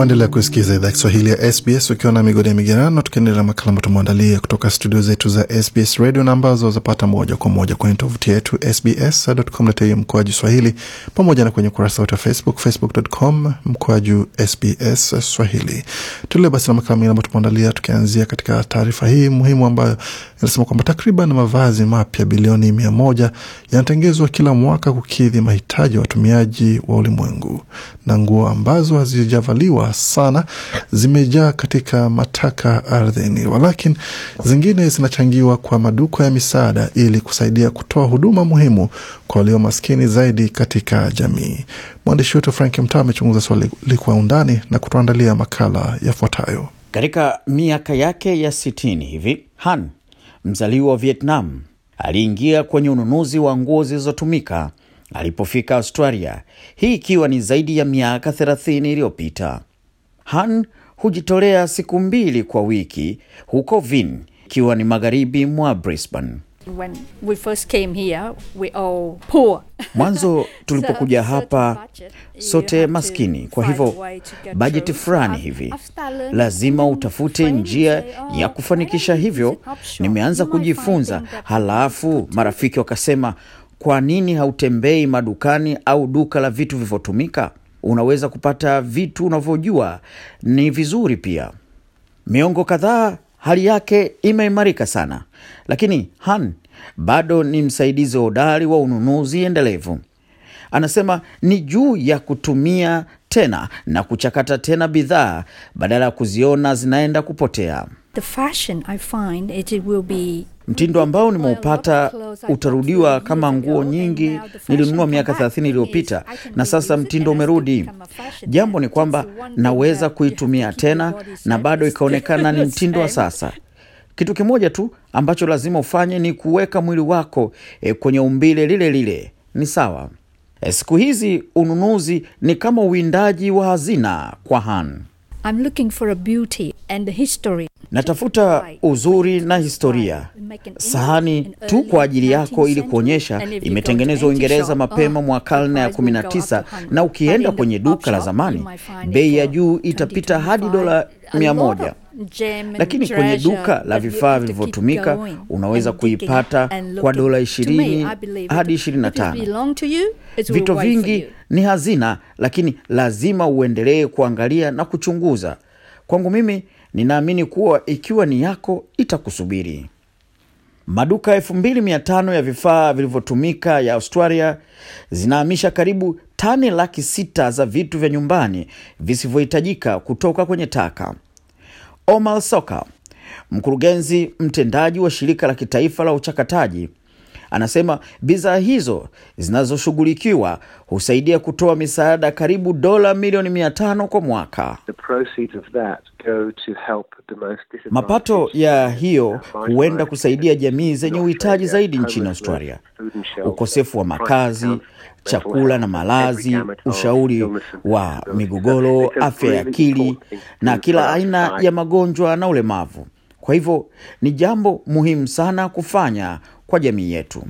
Waendelea kusikiza idhaa Kiswahili ya SBS ukiwa na migodi ya migerano, tukiendelea makala ambayo tumeandalia kutoka studio zetu za SBS radio na ambazo zapata moja kwa moja kwenye tovuti yetu sbs.com.au mkoaju swahili, pamoja na kwenye ukurasa wetu wa Facebook, facebook.com mkoaju SBS swahili. Tuendelee basi na makala mengine ambayo tumeandalia, tukianzia katika taarifa hii muhimu ambayo inasema kwamba takriban mavazi mapya bilioni mia moja yanatengezwa kila mwaka kukidhi mahitaji ya watumiaji wa ulimwengu na nguo ambazo hazijavaliwa sana zimejaa katika mataka ardhini, walakin zingine zinachangiwa kwa maduka ya misaada ili kusaidia kutoa huduma muhimu kwa walio maskini zaidi katika jamii. Mwandishi wetu Frank Mtaa amechunguza swali kwa undani na kutuandalia makala yafuatayo. Katika miaka yake ya sitini hivi Han mzaliwa wa Vietnam aliingia kwenye ununuzi wa nguo zilizotumika alipofika Australia, hii ikiwa ni zaidi ya miaka 30 iliyopita. Han hujitolea siku mbili kwa wiki huko Vin, ikiwa ni magharibi mwa Brisbane. When we first came here, we all poor. Mwanzo tulipokuja hapa sote maskini, kwa hivyo bajeti fulani hivi lazima utafute njia ya kufanikisha hivyo. Nimeanza kujifunza, halafu marafiki wakasema, kwa nini hautembei madukani au duka la vitu vilivyotumika? unaweza kupata vitu unavyojua ni vizuri pia. Miongo kadhaa hali yake imeimarika sana, lakini Han bado ni msaidizi wa udari wa ununuzi endelevu. Anasema ni juu ya kutumia tena na kuchakata tena bidhaa badala ya kuziona zinaenda kupotea. The fashion I find it will be Mtindo ambao nimeupata utarudiwa kama nguo nyingi nilinunua miaka 30 iliyopita, na sasa mtindo umerudi. Jambo ni kwamba naweza kuitumia tena na bado ikaonekana ni mtindo wa sasa. Kitu kimoja tu ambacho lazima ufanye ni kuweka mwili wako e, kwenye umbile lile lile. Ni sawa. E, siku hizi ununuzi ni kama uwindaji wa hazina kwa Han. I'm looking for a beauty and history. Natafuta uzuri na historia, sahani tu kwa ajili yako ili kuonyesha imetengenezwa Uingereza mapema oh, mwa karne ya 19. Na ukienda kwenye duka la zamani, bei ya juu itapita hadi dola 100, lakini kwenye duka la vifaa vilivyotumika unaweza kuipata kwa dola 20 hadi 25. Vito vingi ni hazina, lakini lazima uendelee kuangalia na kuchunguza. Kwangu mimi Ninaamini kuwa ikiwa ni yako itakusubiri. Maduka 25 ya vifaa vilivyotumika ya Australia zinahamisha karibu tani laki sita za vitu vya nyumbani visivyohitajika kutoka kwenye taka. Omar Soka, mkurugenzi mtendaji wa shirika la kitaifa la uchakataji Anasema bidhaa hizo zinazoshughulikiwa husaidia kutoa misaada karibu dola milioni mia tano kwa mwaka. Mapato ya hiyo huenda kusaidia jamii zenye uhitaji zaidi nchini Australia. Ukosefu wa makazi, chakula na malazi, ushauri wa migogoro, afya ya akili na kila aina ya magonjwa na ulemavu. Kwa hivyo ni jambo muhimu sana kufanya kwa jamii yetu.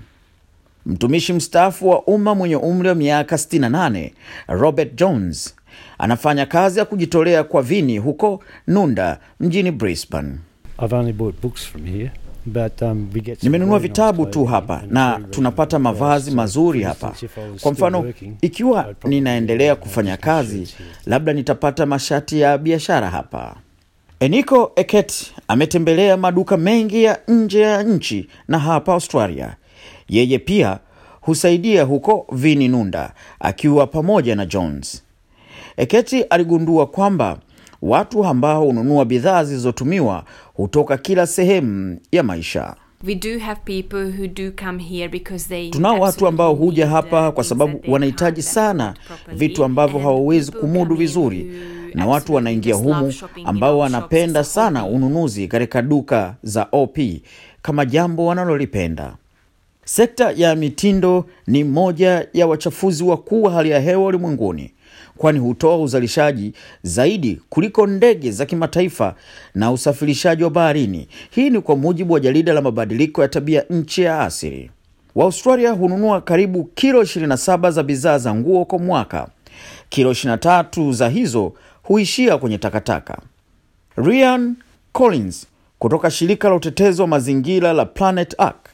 Mtumishi mstaafu wa umma mwenye umri wa miaka 68 Robert Jones anafanya kazi ya kujitolea kwa vini huko Nunda mjini Brisbane. Um, nimenunua vitabu tu hapa na tunapata mavazi mazuri hapa. Kwa mfano, ikiwa ninaendelea kufanya kazi, labda nitapata mashati ya biashara hapa. Eniko Eket ametembelea maduka mengi ya nje ya nchi na hapa Australia. Yeye pia husaidia huko Vininunda akiwa pamoja na Jones. Eketi aligundua kwamba watu ambao hununua bidhaa zilizotumiwa hutoka kila sehemu ya maisha. Tunao watu ambao huja hapa kwa sababu wanahitaji sana vitu ambavyo hawawezi kumudu vizuri na watu wanaingia humu ambao wanapenda sana ununuzi katika duka za OP kama jambo wanalolipenda. Sekta ya mitindo ni moja ya wachafuzi wakuu wa hali ya hewa ulimwenguni, kwani hutoa uzalishaji zaidi kuliko ndege za kimataifa na usafirishaji wa baharini. Hii ni kwa mujibu wa jarida la mabadiliko ya tabia nchi ya asili. waustralia hununua karibu kilo 27 za bidhaa za nguo kwa mwaka. Kilo 23 za hizo huishia kwenye takataka. rian Collins kutoka shirika la utetezi wa mazingira la Planet Ark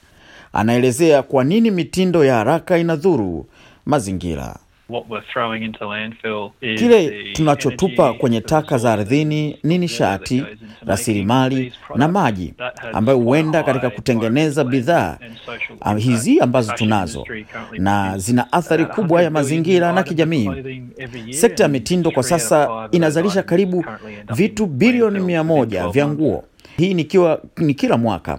anaelezea kwa nini mitindo ya haraka inadhuru mazingira. What we're throwing into landfill is kile tunachotupa kwenye taka za ardhini ni nishati, rasilimali na maji ambayo huenda katika kutengeneza bidhaa hizi ambazo tunazo na zina athari kubwa ya mazingira na kijamii. Sekta ya mitindo kwa sasa inazalisha karibu vitu bilioni mia moja vya nguo, hii ni kila mwaka,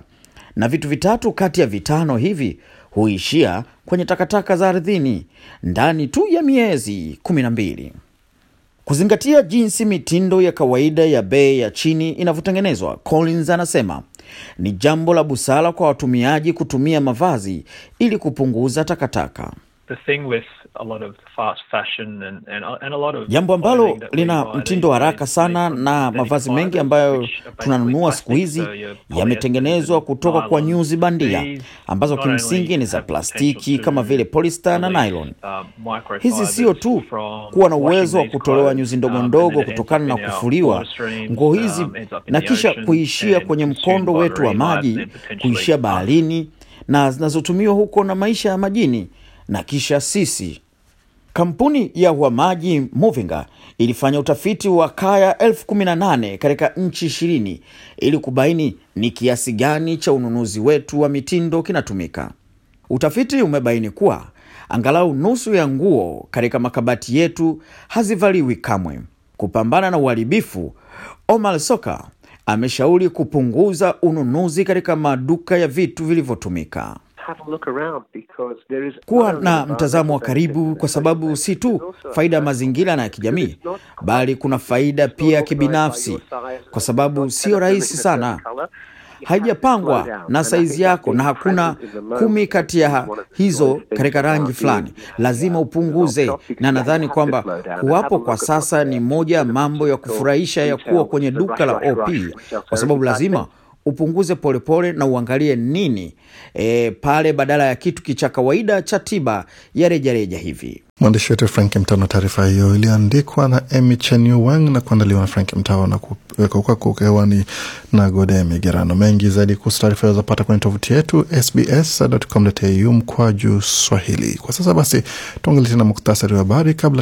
na vitu vitatu kati ya vitano hivi huishia kwenye takataka za ardhini ndani tu ya miezi 12 Kuzingatia jinsi mitindo ya kawaida ya bei ya chini inavyotengenezwa, Collins anasema ni jambo la busara kwa watumiaji kutumia mavazi ili kupunguza takataka. Jambo ambalo lina mtindo haraka sana na mavazi mengi ambayo tunanunua siku hizi yametengenezwa kutoka kwa nyuzi bandia ambazo kimsingi ni za plastiki kama vile polista na nylon. Uh, hizi sio tu kuwa na uwezo wa kutolewa nyuzi ndogo um, ndogo kutokana na kufuliwa nguo hizi um, na kisha kuishia kwenye mkondo wetu wa maji, kuishia baharini na zinazotumiwa huko na maisha ya majini na kisha sisi. Kampuni ya uhamaji Movinga ilifanya utafiti wa kaya 18 katika nchi 20 ili kubaini ni kiasi gani cha ununuzi wetu wa mitindo kinatumika. Utafiti umebaini kuwa angalau nusu ya nguo katika makabati yetu hazivaliwi kamwe. Kupambana na uharibifu, Omar Soka ameshauri kupunguza ununuzi katika maduka ya vitu vilivyotumika kuwa na mtazamo wa karibu, kwa sababu si tu faida ya mazingira na ya kijamii, bali kuna faida pia ya kibinafsi, kwa sababu sio rahisi sana haijapangwa na saizi yako, na hakuna kumi kati ya hizo katika rangi fulani, lazima upunguze. Na nadhani kwamba kuwapo kwa sasa ni moja ya mambo ya kufurahisha ya kuwa kwenye duka la OP, kwa sababu lazima upunguze polepole pole na uangalie nini e, pale badala ya kitu kicha kawaida cha tiba ya rejareja hivi. Mwandishi wetu Frank Mtao, taarifa hiyo iliyoandikwa na Emy Wang na kuandaliwa na Frank Mtao na kuwekwa kwako hewani na Gode Migerano. Mengi zaidi kuhusu taarifa ilizopata kwenye tovuti yetu mkwa juu Swahili. Kwa sasa basi, tuangalie tena muktasari wa habari kabla